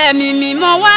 ẹ̀mí mímọ́ wá.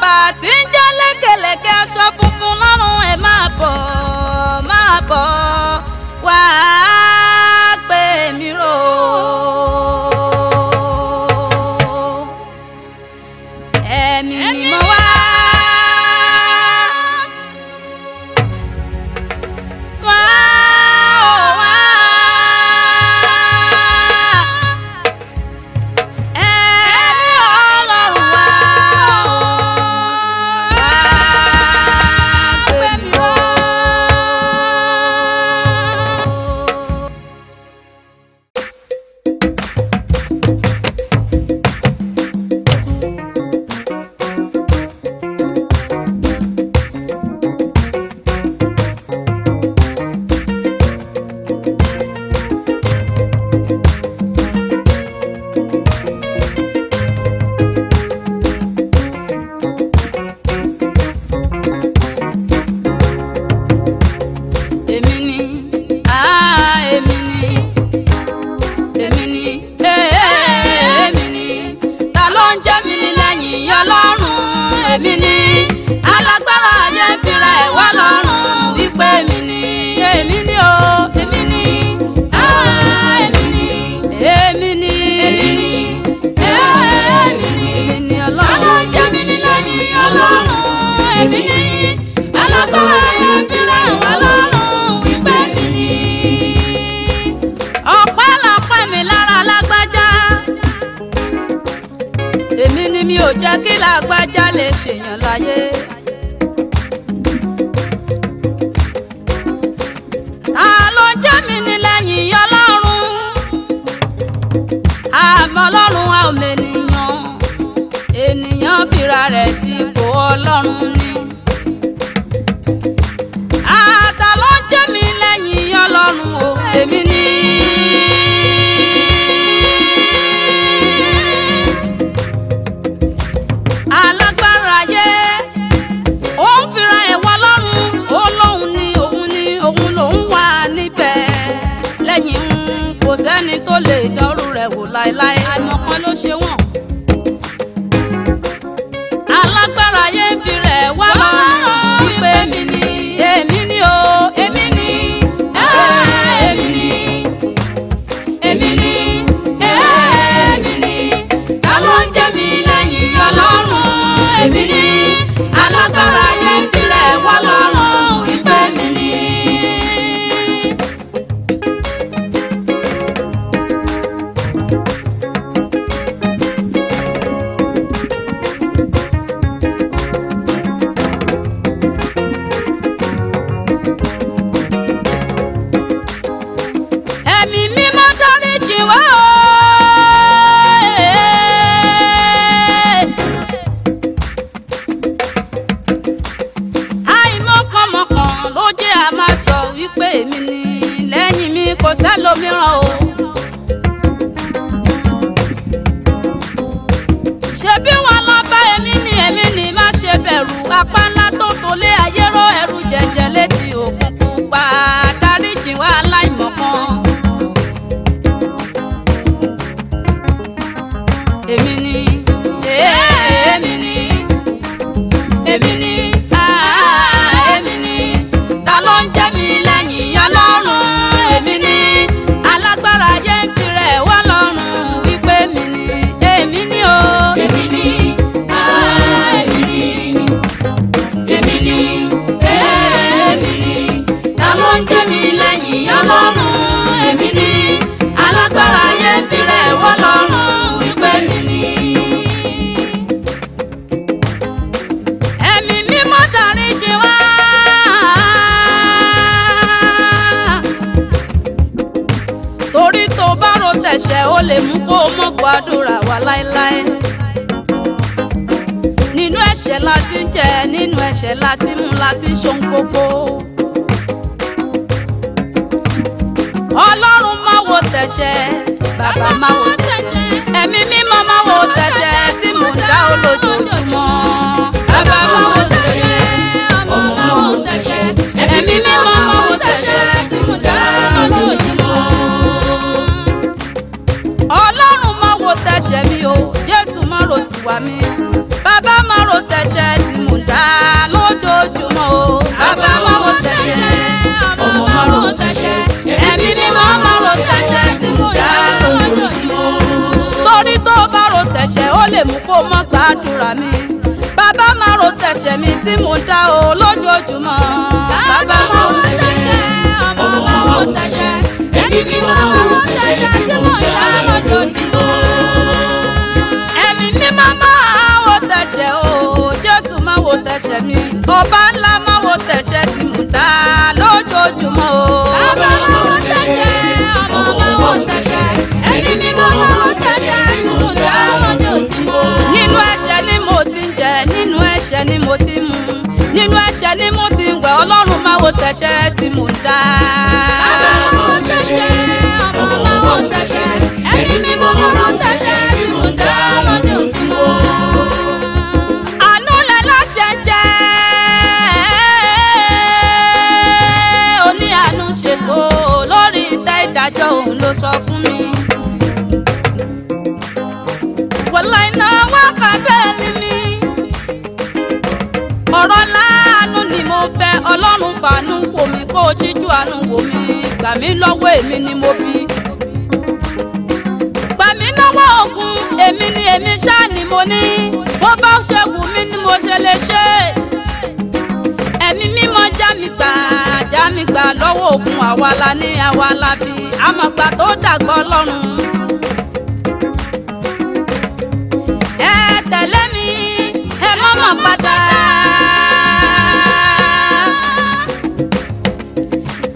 bàbá tí ń jẹ́ lẹ́kẹ̀lẹ́kẹ̀ aṣọ funfun lọ́rùn ẹ̀ máa bọ̀ máa bọ̀ wá pè mí rò ó. kí làgbájá lè ṣèyàn láyé. láti mú láti ṣohun gbogbo. mú kó mọ́ gbàdúrà mi bàbá máa ro tẹ̀sẹ̀ mi tí mo dá o lójoojúmọ́ bàbá máa ro tẹ̀sẹ̀ ọmọ máa ro tẹ̀sẹ̀ èmi bí máa ro tẹ̀sẹ̀ tí mo dá lójoojúmọ́. ẹ̀mí mi máa máa wo tẹ̀sẹ̀ o Jésù máa wo tẹ̀sẹ̀ mi ọba ńlá máa wo tẹ̀sẹ̀ tí mo dá lójoojúmọ́ o bàbá máa ro tẹ̀sẹ̀ ọmọ máa ro tẹ̀sẹ̀. nínú ẹ̀ṣẹ̀ ni mo ti ń jẹ nínú ẹ̀ṣẹ̀ ni mo ti mu nínú ẹ̀ṣẹ̀ ni mo ti ń gbẹ ọlọ́run máa wo tẹ̀ṣẹ̀ tí mo dá. bàbá mo tẹ̀ṣẹ̀ ọmọ sọ fún mi. sẹ́ẹ̀lì mi ọ̀rọ̀ láàánú ni mo fẹ́ ọlọ́run fàánú wò mí kó o ṣíjú àánú wò mí gbà lọ́wọ́ èmi ni mo bí gbà lọ́wọ́ èmi ni èmi mo ní bó bá ṣe wù mí ni mo ṣe lè ṣe ẹ̀mí mímọ́ já mi gbà já mi gbà lọ́wọ́ ògùn àwa la ní àwa tẹ̀lé mi ẹ má mà padà.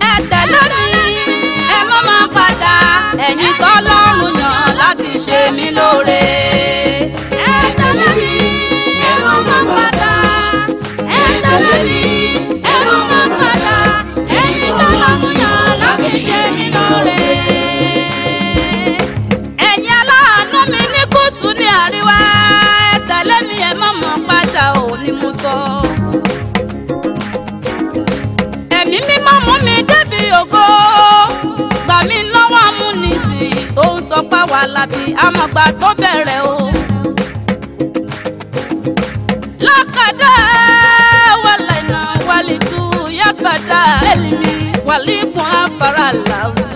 ẹ tẹ̀lé mi ẹ má mà padà ẹ̀yin tọ́lọ́run yàn láti ṣe mí lóore. ẹ tẹ̀lé mi ẹ má mà padà ẹ tẹ̀lé mi. Àlàbí amọ̀gbà tó bẹ̀rẹ̀ o. lọ́kàdá wàlẹ̀ náà wàlẹ̀ tù yàgbàdá ẹ̀lìmí wàlẹ̀ kùn làwọn.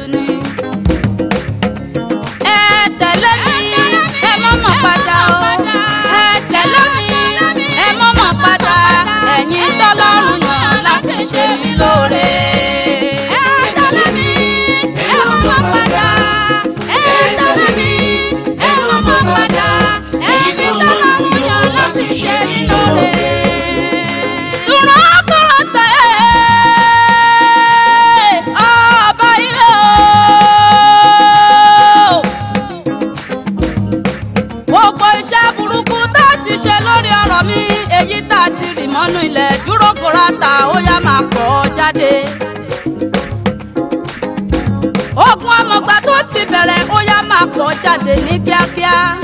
jáde ní kíákíá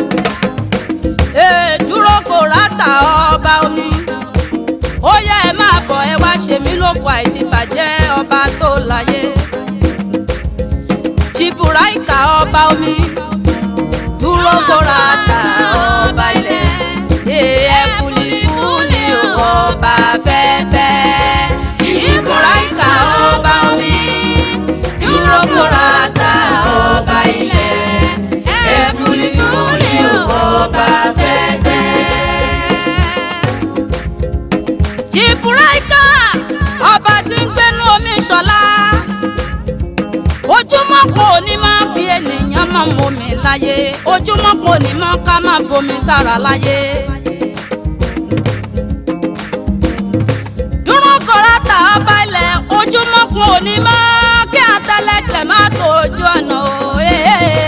ee dúró kò ráta ọba omi ó yẹ ẹ máa bọ̀ ẹ wá ṣe mí lóko àìdìbàjẹ́ ọba tó láyé Jìbùráìkà ọba omi dúró kò ráta ọba ilẹ̀ ẹ fúlifúli ọba fẹ́fẹ́. ṣọlá ojúmọ́ kò ní máa bí ènìyàn máa ń momi láyé ojúmọ́ kò ní máa ká máa bomi sára láyé. dúró kọ́ra tà á balẹ̀ ojúmọ́ kò ní máa kí àtẹlẹsẹ̀ máa tó ojú ọ̀nà o. Hey, hey, hey.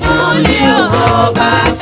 fún ní òkò bàbá.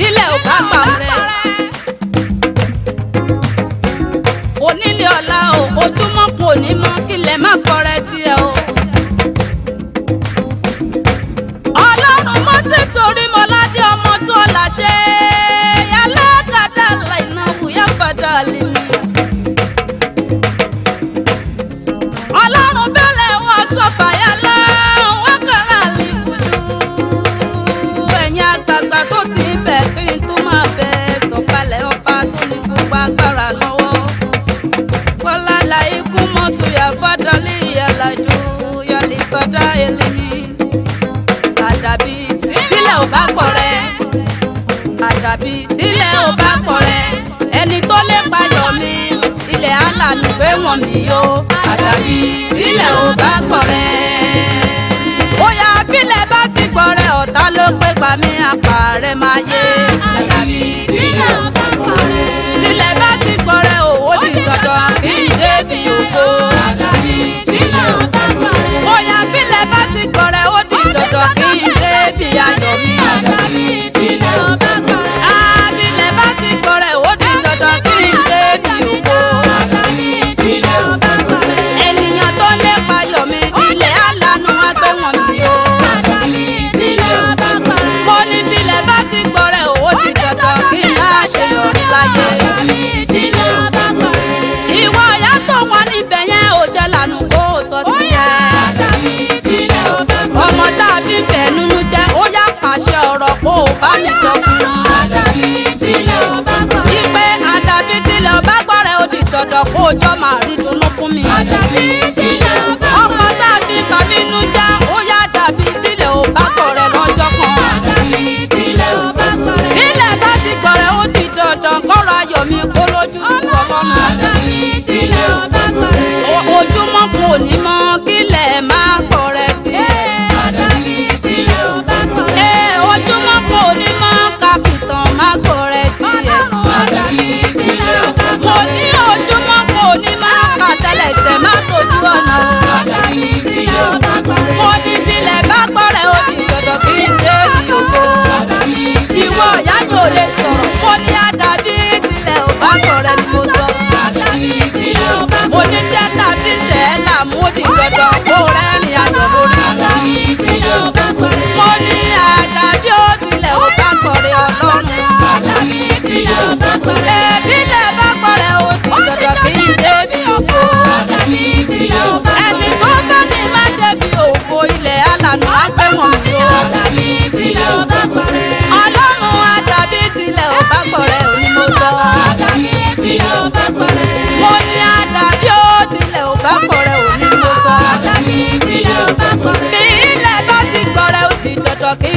tílẹ̀ ò bá gbà rẹ̀. onílé ọ̀la o ojúmọ́ kun òní mọ́ kílẹ̀ má kọrẹ́ tiẹ̀ o. ọlọ́run mọ́ sí torí mọ́ ládé ọmọ tó ọ̀la ṣe yálà dáadáa láìna wù yá padà lè mú. àṣàbí tílẹ̀ ò bá pọ̀ rẹ̀ àṣàbí tílẹ̀ ò bá pọ̀ rẹ̀ ẹni tó lè payọ̀ mi ilẹ̀ alànà pé wọ̀n mi o àṣàbí tílẹ̀ ò bá pọ̀ rẹ̀ bóyá bílẹ̀ bá ti pọ̀ rẹ̀ ọ̀tá ló pé pa mí àpàrẹ̀ máa yé àṣàbí tílẹ̀ ò bá pọ̀ rẹ̀ tílẹ̀ bá ti pọ̀ rẹ̀ òwò ti dọ̀dọ̀ kí n débi ògo àṣàbí tílẹ̀ ò bá pọ̀ rẹ̀ bóyá bílẹ̀ bá ti pọ̀ rẹ̀ ọ̀rọ̀ kí ilé ti yàtọ̀ mi. Abilẹ̀ bá ti kọrẹ̀ ó di dandan kí ilé mi òkò. Ènìyàn tó lè payọ̀ mi ilẹ̀ alanu agbẹ́ wọn mi o. Mo ní bilẹ̀ bá ti kọrẹ̀ ó di dandan kí n á ṣe yọrí láyé. Ìwọ ìyá tó wọn níbẹ̀ yẹn ọmọ tá bá mi sọ fún un. adabi ti ò bá gbọ́ rẹ̀. wípé àdàbí tilẹ̀ ò bá gbọ́ rẹ̀ ó di dandan o jọ máa rí dunnú fún mi. àdàbí tilẹ̀ ò bá gbọ́ rẹ̀. ọkọ tàbí kàbínú já ó yá dàbí tilẹ̀ ò bá gbọ́ rẹ̀ lọ́jọ́ kan. àdàbí tilẹ̀ ò bá gbọ́ rẹ̀. ilẹ̀ bá ti gbọ́ rẹ̀ ó di dandan kọ́ra ayọ̀ mi kó lójú tu ọlọ́run. àdàbí tilẹ̀ ò bá gbọ́ ojúmọ́ kò ní mọ́. tilẹ̀ ò bá kọ̀rẹ́ ni mo sọ. oníṣẹ́ tàbí tẹ̀ ẹ́ là mú di dandan.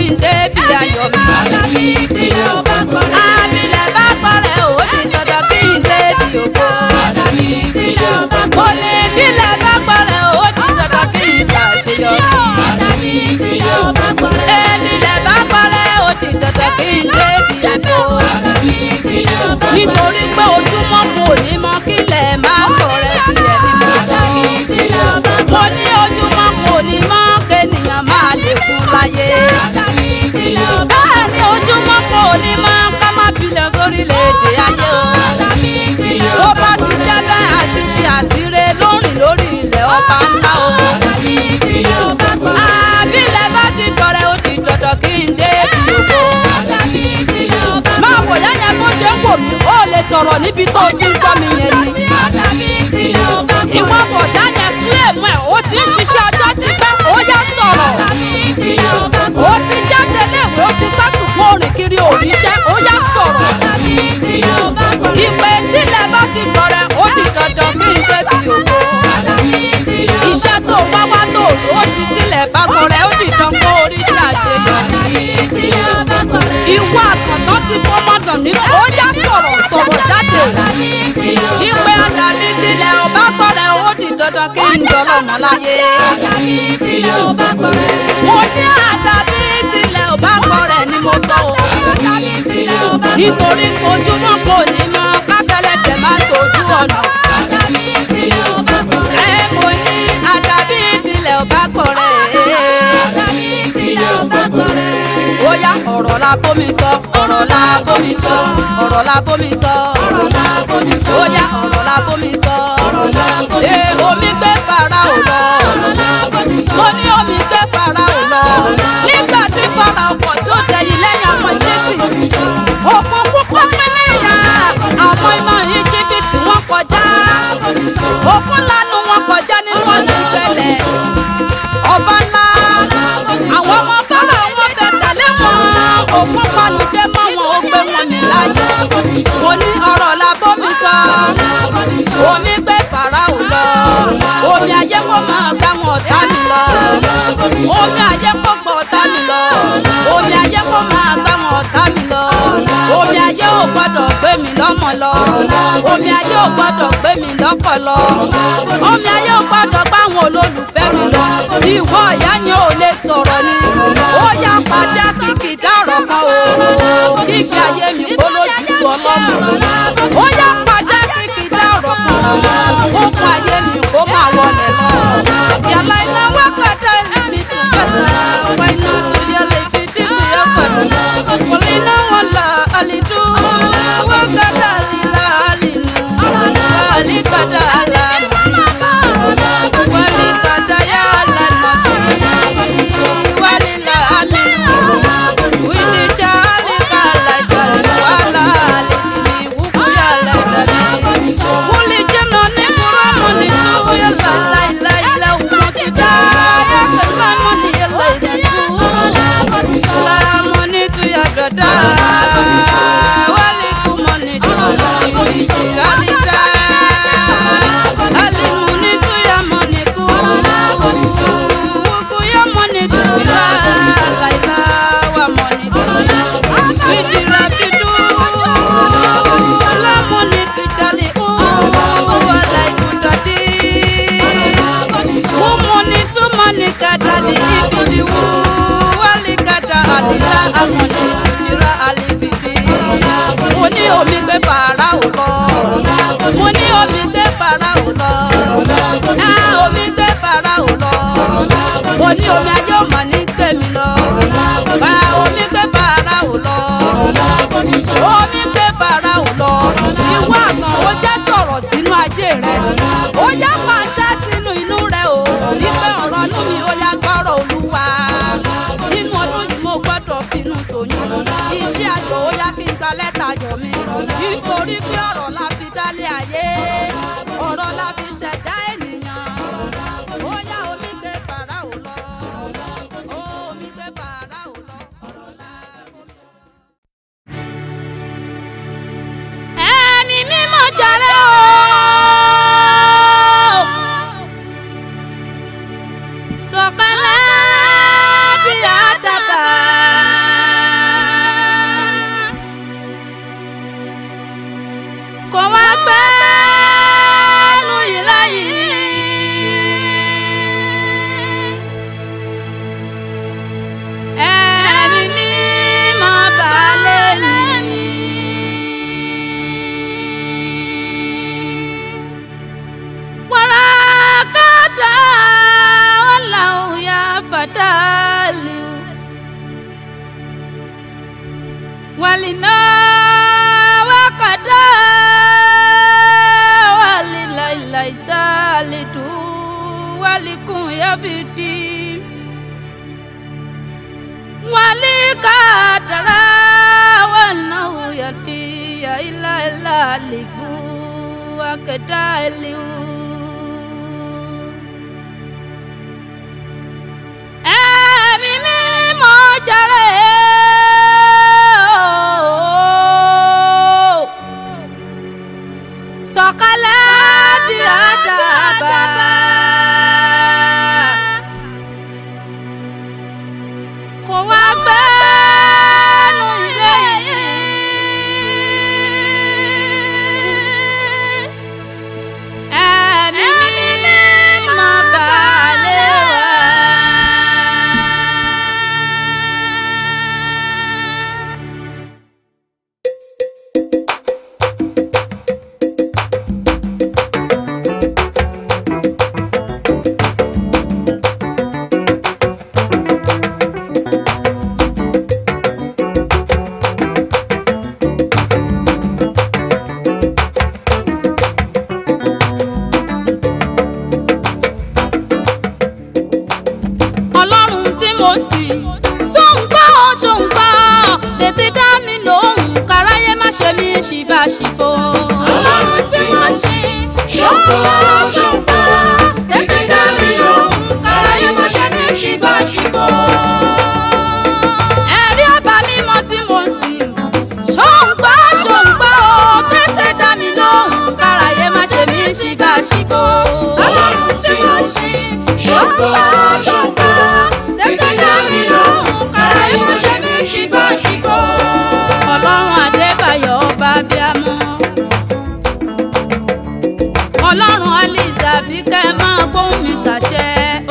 Sunday bí ayọ̀ mi. àbí tí o bá lẹ́yìn. kù láyé. bẹ́ẹ̀ ni ojúmọ́ kò ní máa ká má bilẹ̀ sórílẹ̀-èdè ayé o. tó bá ti jẹ́ bẹ́ẹ̀ àti bí àtiré lórin lórí ilẹ̀ ọba ńlá o. àbílẹ̀ bá ti tọrẹ ó ti jọ̀jọ̀ kí n dé bí ògo. máa wò yẹ́yẹ́ bó ṣe ń wò mí ó lè sọ̀rọ̀ níbi tó ti ń gbọ́ mi yẹn ni. bákan rẹ̀ ó ti tán kó oríṣi àṣeyọrí. Ìwọ àkàntán ti mú mọ́tàn nínú ó yá sọ̀rọ̀ sọ̀rọ̀ jáde. Ìpè ọ̀dà mi tilẹ̀ ò bákan rẹ̀ ó ti dandan kí n dọ́lọ̀ mọ́ láyé. Mo ní àdá mi tilẹ̀ ò bákan rẹ̀ ni mo sọ o. Nítorí kojúmọ́ kò ní mọ kápẹ́lẹ́sẹ̀ máa ń sojú ọ̀nà. kọ̀rẹ́. ọ̀rọ̀ mi tilẹ̀ ò bá kọ̀rẹ́. bóyá ọ̀rọ̀ la bómi sọ. ọ̀rọ̀ la bómi sọ. ọ̀rọ̀ la bómi sọ. ọ̀rọ̀ la bómi sọ. bóyá ọ̀rọ̀ la bómi sọ. ọ̀rọ̀ la bómi sọ. ee omi gbé fara ò lọ. ọ̀rọ̀ la bómi sọ. ó ní omi gbé fara ò lọ. nígbà tí fara ọkọ̀ tó tẹ̀yìn lẹ́yìn àwọn jẹ́tì. òkun púpọ̀ mẹ́lẹ́yà àwọn ìmọ̀ ìjìbìtì wọn kọjá. òkun lanu wọn kọjá nínú ọdún ìgbẹ́lẹ̀. kó falùdé máwọn ògbé wọn mi láyé mo ní ọ̀rọ̀ la bómi sọ omi gbé fàràhùn lọ omi ayé kó máa gbá wọn ọ̀tá mi lọ omi ayé kó gbọ́ ọ̀tá mi lọ omi ayé kó máa ajé ò gbọdọ̀ gbé mi lọ́mọ lọ omi ajé ò gbọdọ̀ gbé mi lọ́kọ̀ lọ omi ajé ò gbọdọ̀ páwọn olólùfẹ́ mi lọ ìwọ ìyá yẹn ò lè sọ̀rọ̀ ni ó yá pàṣẹ kìkì dárọ̀ ká o kíkì ayé mi kó lójú ọlọ́mọ ó yá pàṣẹ kìkì dárọ̀ ká o ó fún ayé mi kó máa wọlé lọ yàrá iná wákàtí ẹni mi tún kàlà wáyé náà tún yẹ lè fi dìbò yẹ pẹ̀lú kò ní náà wọ́n lọ litu wakata lila lilu walikata la walikata ya la nati walila milu winisha likala jala wala litini wukuya la dali wulijeno ni muramo ni tuya la la ila ila umakita ya kasmamo ní omi ayé ọmọ ní tèmi lọ bá omi pé bàrà ò lọ omi pé bàrà ò lọ ìwọ àná ó já sọ̀rọ̀ sínú ajé rẹ ó já pàṣẹ sínú inú rẹ o nígbà ọ̀rọ̀ inú mi ó yá gbọ́rọ̀ olúwa nínú ọdún yìí mo gbọ́dọ̀ finú sòyún iṣẹ́ àjò ó yá kí n gba lẹ́tà yọ̀ mi nítorí pé ọ̀rọ̀ lára. Donna! Babi Adaba. Ṣàngó Ṣàngó tètè dá mi mi ṣìgbọ́ ṣìgbọ́. Ọlọ́run Adébáyọ̀ ọba bíámọ́. Ọlọ́run Aliza bí kẹ́ ẹ máa gbóhùn mi ṣàṣẹ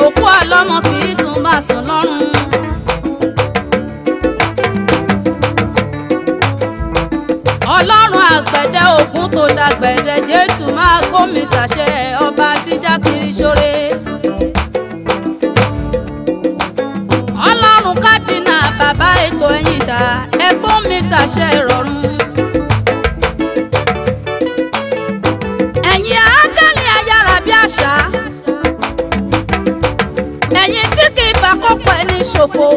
òkú ọlọ́mọ kì í sùn bá sùn lọ́rùn. Ọlọ́run àgbẹ̀dẹ ògún tó dàgbẹ̀dẹ Jésù máa gbóhùn mi ṣàṣẹ ọba tíjà kiri ṣoore. bàbá ètò ẹ̀yìn ta ẹ̀gbọ́n mi ṣàṣẹ ìrọ̀rùn. ẹ̀yin àákàlẹ̀ ayára bí àṣá ẹ̀yin tí kì í fakọ́kọ̀ ẹni ṣòfò.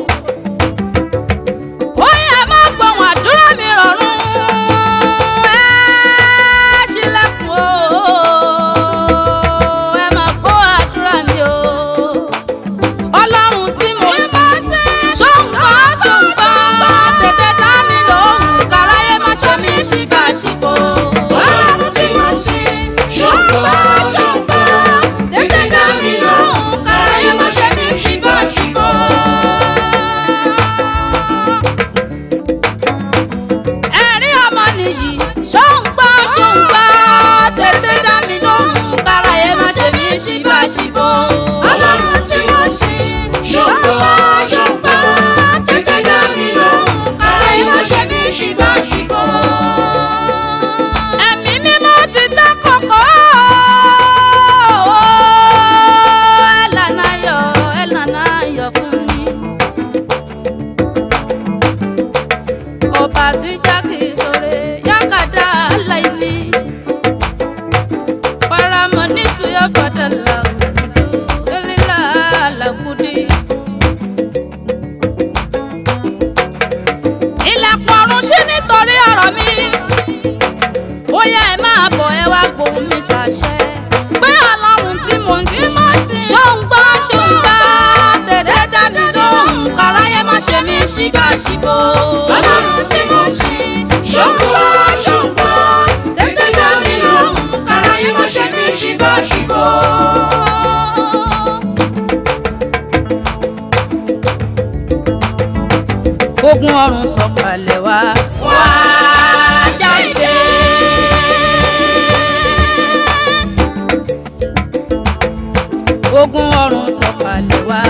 ogun ọrùn sọ̀kalẹ̀ wá.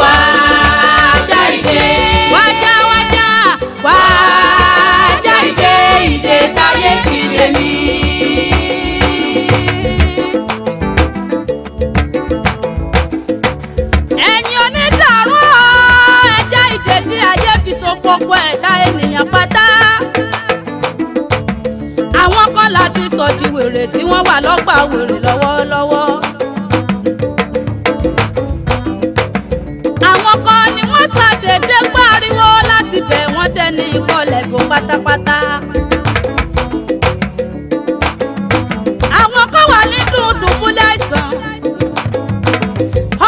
wá já ìdè. wá já wá já. wá já ìdè ìdè táyé fi dè mí. ẹ̀yin onídàárọ̀ ẹja ìdè tí ayé fi so gbogbo ẹ̀ka ènìyàn pátá. wà lọ́gbà wèrè lọ́wọ́lọ́wọ́. àwọn kan ni wọ́n ṣàdédé pariwo láti bẹ̀ wọ́n tẹni ìkọlẹ̀ bò pátápátá. àwọn kan wà ní dùndùn búlẹ̀ àìsàn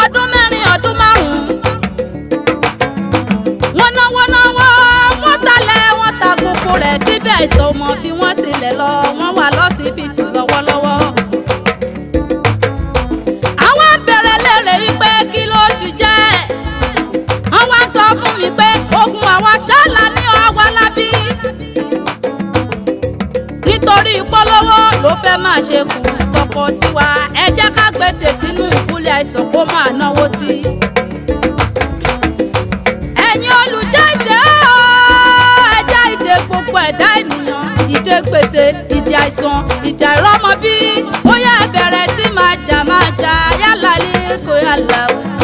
ọdún mẹ́rin ọdún márùn-ún. wọ́n náwó náwó wọ́n talẹ̀ wọ́n ta gbogbo rẹ̀ síbẹ̀ àìsàn ọmọ bí wọ́n sílẹ̀ lọ wọ́n wà lọ́sibítù. ṣálà ní ọwọ́lábí nítorí ìpolówó ló fẹ́ máa ṣe kù kọ̀kọ̀ sí wa ẹ jẹ́ ká gbèdè sínú ìkúlẹ̀ àìsàn kó máa náwó sí i. ẹ̀yin olùjáde ó ẹja ìdè gbogbo ẹ̀dá ènìyàn ìdè gbèsè ìdè àìsàn ìdè àìrọ́mọbí ó yá bẹ̀rẹ̀ sí máa jà máa jà yálà ilé kò yálà wẹ̀.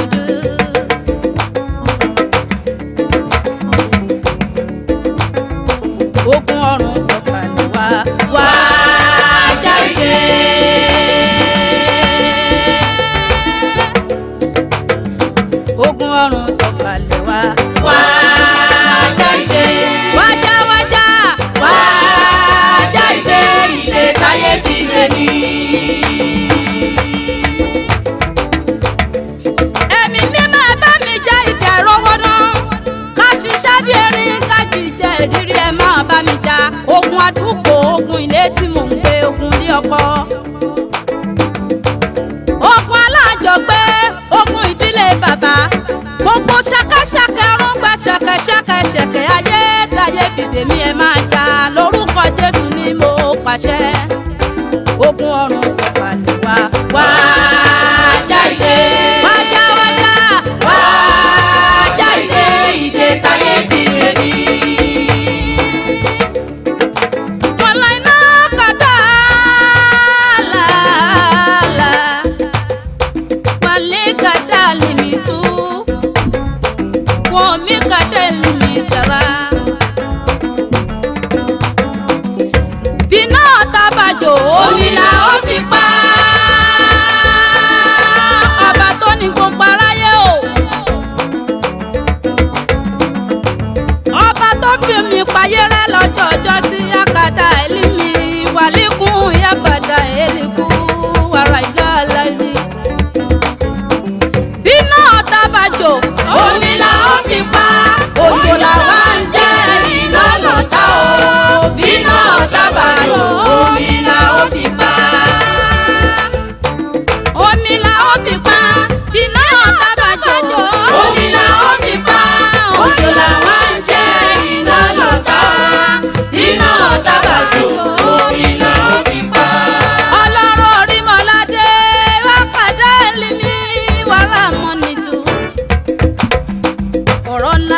ilé tí mò ń gbé ogun lé ọkọ. ogun alájọgbé ogun ìdílé bàbá gbogbo ṣàkàṣàkà rúgbà ṣàkàṣàkà ṣẹ̀kẹ̀ ayé tayé fìdèmí ẹ̀ máa jà lórúkọ Jésù ni mo pàṣẹ ogun ọ̀run sọ. run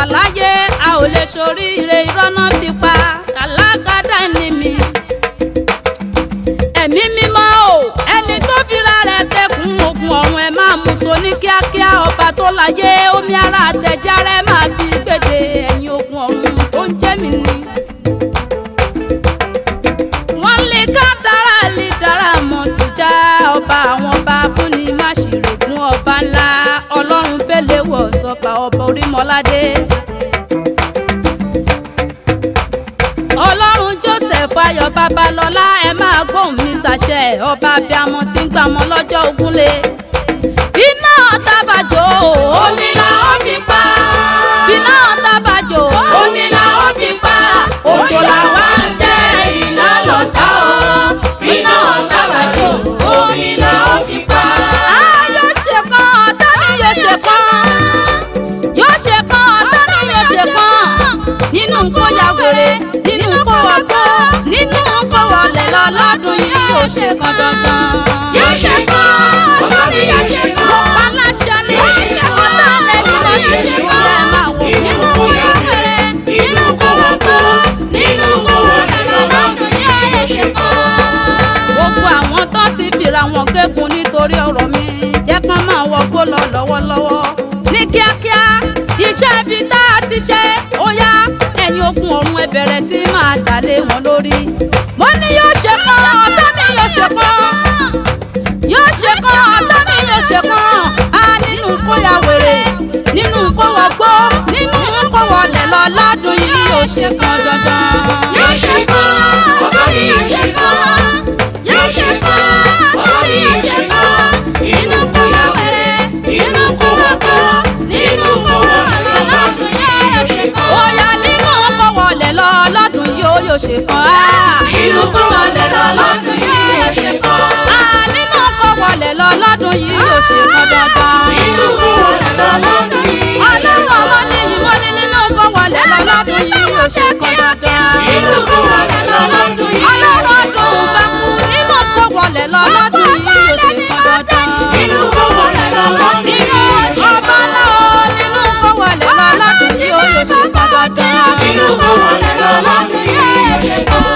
wà láyé a ò lè ṣoríire ìrọ́nà fi pa kàlákàdá ni mi. ẹ̀mí mímọ́ o ẹni tó fira rẹ̀ tẹkùn òkun ọ̀run ẹ̀ máa mú so ní kíákíá ọba tó láyé omi ara àtẹ̀járe máa fi gbèdé ẹ̀yìn òkun ọ̀run tó ń jẹ́ mi ni. wọ́n lè ká dára lè dára mọ̀ tó já ọba àwọn ọba fúnni má ṣe rògùn ọba ńlá ọlọ́run bẹ́ẹ̀ wọ̀ sọ́ba ọba orímọ́ládé. ṣàṣẹ ọba abiamọ tí ń gbà mọ lọ́jọ́ ogúnlé iná ọ̀tàbàjò omi la ó fi pa iná ọ̀tàbàjò omi la ó fi pa òjò làwa ń jẹ iná lọ́tà o iná ọ̀tàbàjò omi la ó pa. ayọ̀ ṣe kan ọ̀tá mi yóò ṣe kan yóò ṣe kan ọ̀tá mi yóò ṣe kan nínú nǹkan yàgòrè lọ́dún yìí yóò ṣe kan dandan. yóò ṣe kan ọ̀tọ́ mi yóò ṣe kan. mo pa láṣẹ ní ṣe kan tẹ́lẹ̀ tí mo ti ṣe kan lẹ́ẹ̀ máa wò. nínú lọ́wọ́lọ́wọ́ ní kíákíá iṣẹ́ ibi tá a ti ṣe ó yá ẹ̀yin okùn ọ̀run ẹ bẹ̀rẹ̀ sí máa dàlé wọn lórí. mo ní yóò ṣe kán ọ̀tá mi yóò ṣe kán yóò ṣe kán ọ̀tá mi yóò ṣe kán á nínú kó ya wèrè nínú kó wọ gbó nínú kó wọlé lọ ládùn yìí yóò ṣe kán dandan. yóò ṣe kán ọ̀tá mi yóò ṣe kán yóò ṣe kán ọ̀tá mi yóò ṣe kán inú kó ya wèrè nínú kó wọ gbó nínú kó wọlé lọ ládùn yìí yóò ṣe kán lọ lọ́dún yìí ó yóò ṣe kọ́. inú kó wọlé lọ lọ́dún yìí yóò ṣe kọ́. nínú kó wọlé lọ lọ́dún yìí yóò ṣe kọ́ dandan. inú kó wọlé lọ lọ́dún yìí yóò ṣe kọ́. ọlọ́wọ́ wọn ní yìí nínú kó wọlé lọ lọ́dún yìí yóò ṣe kọ́ dandan. inú kó wọlé lọ lọ́dún yìí yóò ṣe kọ́. ọlọ́wọ́ ọdún bá kú ní tó wọlé lọ lọ́dún yìí yóò ṣe pọn dandan. inú kó wọlé lọ lọ́dún yìí yóò ṣe pọn dandan. inú kó wọlé lọ yìí yóò ṣe pọn inú kó wọlé lọ yìí yóò ṣe pọn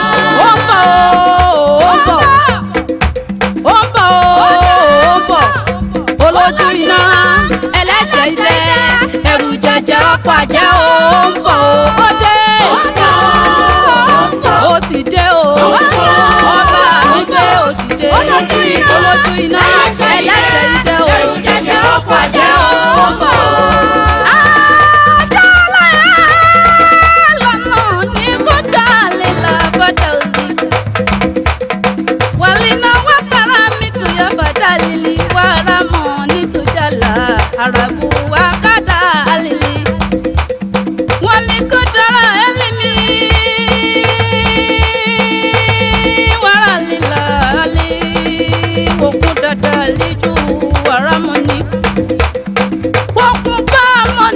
ó bọ̀ ó bọ̀. àjẹ́ ọkọ̀ àjẹ́ ó ń bọ̀ ó ó dé ó ti dé ó ọba mi dé ó ti dé olójú iná ẹlẹ́sẹ̀ ìdẹ́ ó ẹ̀jẹ̀ ọkọ̀ àjẹ́ ó ń bọ̀ ó. Dale àràbù wákàtà àlìlì wọ́n ní kó dára ẹlẹ́mì wàrà lílà àlè òkú dàda àlejò wàrà mọ́ ni wọ́n kún bá mọ́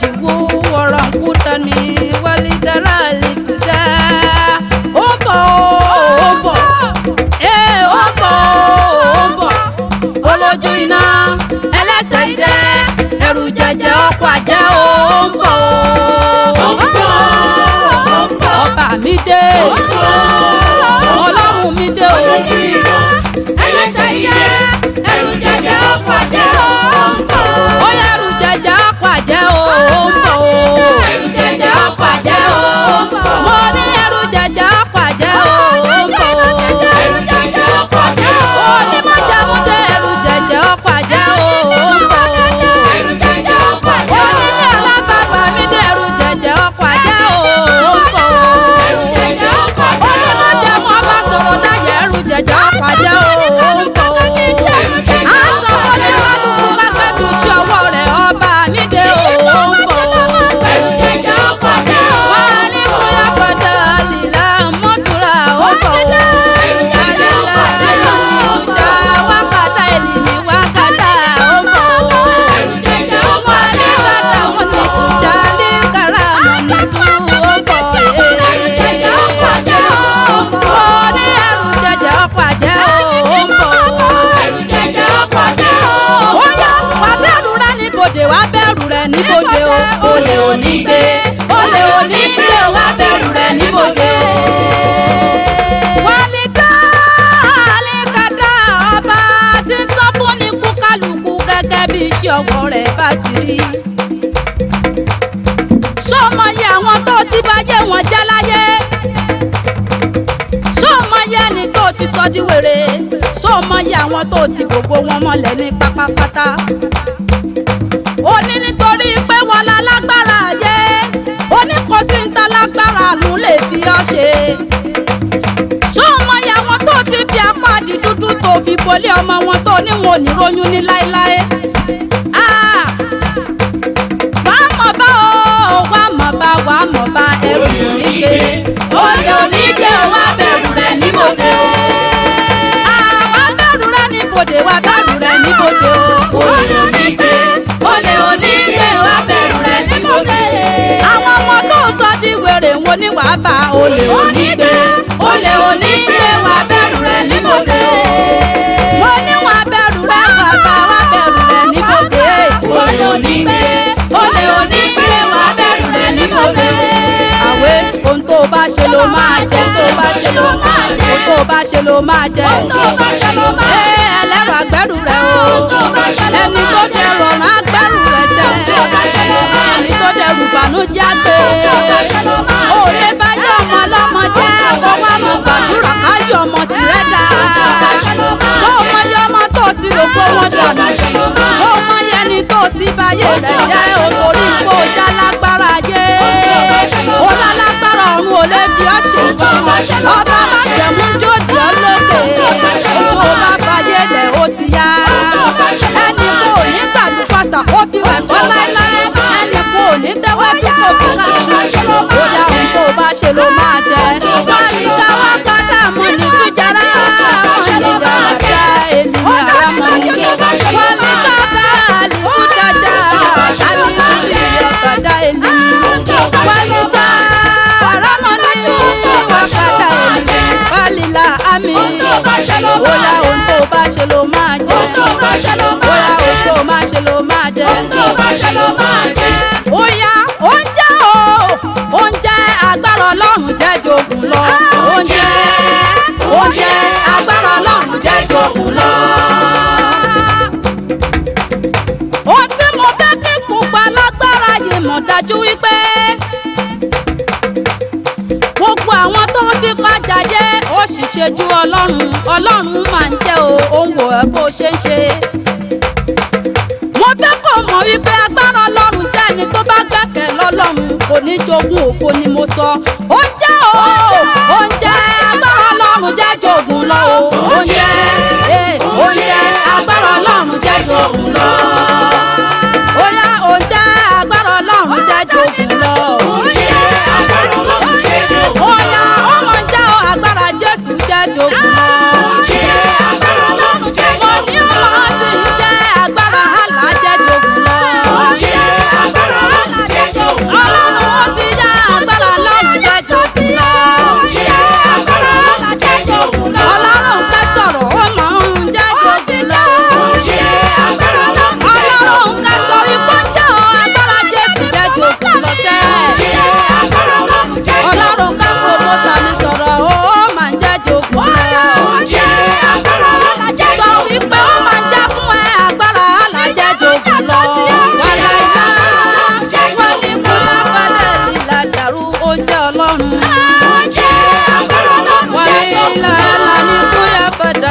jìwó wọ̀rọ̀ ń kú dání Àyìndé ẹrù jẹjẹ ọkọ̀ àjẹ́ ó ń bọ̀ ó ń bọ̀ ọba mi dé ó ń bọ̀. gbòde. wàlíkà àlékàdá ọba ti sọ fún ní kúkálùkù gẹ́gẹ́ bí iṣẹ́ ọwọ́ rẹ̀ bá ti rí. sọmọye àwọn tó ti báyé wọn jẹ́ láyé sọmọye ẹni tó ti sọ di wèrè sọmọye àwọn tó ti gbogbo wọn mọ́lẹ̀ ní pátápátá ó ní nítorí pé wọn lálágbára ayé ó ní kò sí aláàánú lè fi ọ́ ṣe. ṣọ́ọ̀mọ́ ya wọn tó ti fi apá di dúdú tó fi bolé ọmọ wọn tó níwọ̀n oníròyìn ní láéláé. wàá mọ̀ bá o wàá mọ̀ bá wàá mọ̀ bá ẹrù oníke. olè oníke wá bẹ̀rù rẹ̀ níbodè. àwa bẹ̀rù rẹ̀ níbodè wá bẹ̀rù rẹ̀ níbodè o. olè oníke. olóore ń wo ní wàá bá olè onígbé olè onígbé wà bẹ̀rù rẹ̀ níbodè. mo ní wà bẹ̀rù rẹ̀ bàbá wà bẹ̀rù rẹ̀ níbodè. olè onígbé olè onígbé wà bẹ̀rù rẹ̀ níbodè. àwé ohun tó o bá ṣe ló máa jẹ tó o bá ṣe ló máa jẹ ohun tó o bá ṣe ló máa jẹ ohun tó o bá ṣe ló máa jẹ. ẹ ẹlẹ́rọ rẹ̀ o ẹni tó dẹrù ọ̀ràn agbẹ́rù rẹ̀ sẹ́ ẹni tó dẹrù ló jágbe òde bá yọ ọmọ lọ́mọ jẹ́ kó wá mọ̀ gbàdúrà káyọ̀ ọmọ tìrẹ dà ṣó mọ yọ ọmọ tó ti rò pé wọ́n dànù ṣó mọ yẹni tó ti báyé rẹ̀ jẹ́ òkòrí kó já lágbára yé ó lálágbára ọ̀run ò lè fi ọ́ ṣe ọba bá tẹ̀mú jójì ọ́ lókè tó bá báyé rẹ̀ ó ti yá ẹni kó àṣà kó fi wà kó láéláé ẹnìkan ò ní tẹ́wọ́ tó kò fi ra ṣùgbọ́n ó dá ohun tó bá ṣe ló máa jẹ. wọ́n ti ká wá pátá mú ni tújàrá wọ́n ní dàgbà ènìyàn rà mọ́ ni wọ́n ní pátá àlùkùdájà àlùkùdíyẹ pátá ènìyàn wọ́n ní já àràmọ́ ní wàkàtà ènìyàn wọ́n lílà àmì ó dá tó bá ṣe ló máa jẹ bá ṣe ló máa jẹ. ohun tó bá ṣe ló máa jẹ. ó yá oúnjẹ o oúnjẹ agbára ọlọ́run jẹ́ jogun lọ. oúnjẹ oúnjẹ agbára ọlọ́run jẹ́ jogun lọ. ohun tí mo fẹ́ kí pupa lágbára yìí mọ̀ dájú wípé gbogbo àwọn tó ń fipá jayé ó sì ṣe ju ọlọ́run ọlọ́run máa ń jẹ́ o ó ń wò ẹ́ bó ṣe ń ṣe mo fẹ́ kó mọ̀ wípé agbára ọlọ́run jẹ́ ẹni tó bá gbẹ̀kẹ̀ lọ́lọ́run kò ní jogún òfo ni mo sọ oúnjẹ o oúnjẹ agbára ọlọ́run jẹ́ jogún lọ o oúnjẹ oúnjẹ eh, agbára ọlọ́run jẹ́ jogún lọ oya oúnjẹ agbára ọlọ́run jẹ́ jogún lọ. oya ọmọ jẹ́ agbára jésù jẹ́ jogún.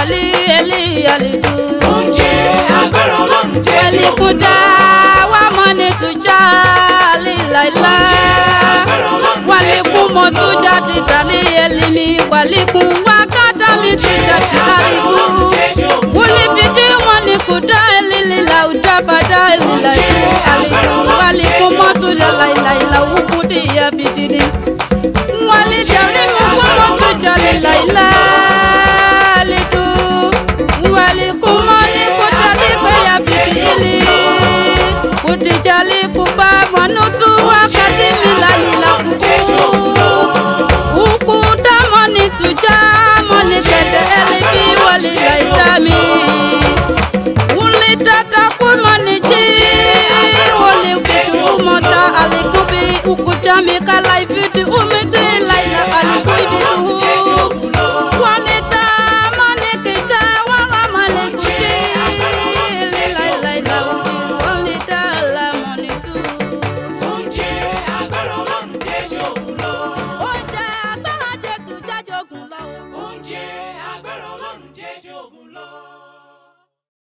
àlì èlì àlìkú. oúnjẹ agbára ọlọ́run jẹ́ jẹ́ òun náà. àlìkúdá wà mọ́ ní tùjá àlì láìlá. wàlíkú mo tún jáde mi èlìmí wàlíkú wá kádà mi tún jáde dàlíkú. wúlí bìdí wọn ni kúdá èlìlì làwùjá padà èlìlà ìlú àlìkú wàlíkú mo tún lọ́la ìlà ìlà òkú dìyà bìdí ni. wàlí dàrí mi wọ́n mo tún jáde láìlá. ajali kupa mwanutu wakati milani la kuku huku damoni tuja moni kete elibi walila itami ulitata kumanichi wali ukitu mota alikubi ukujami kala ivitu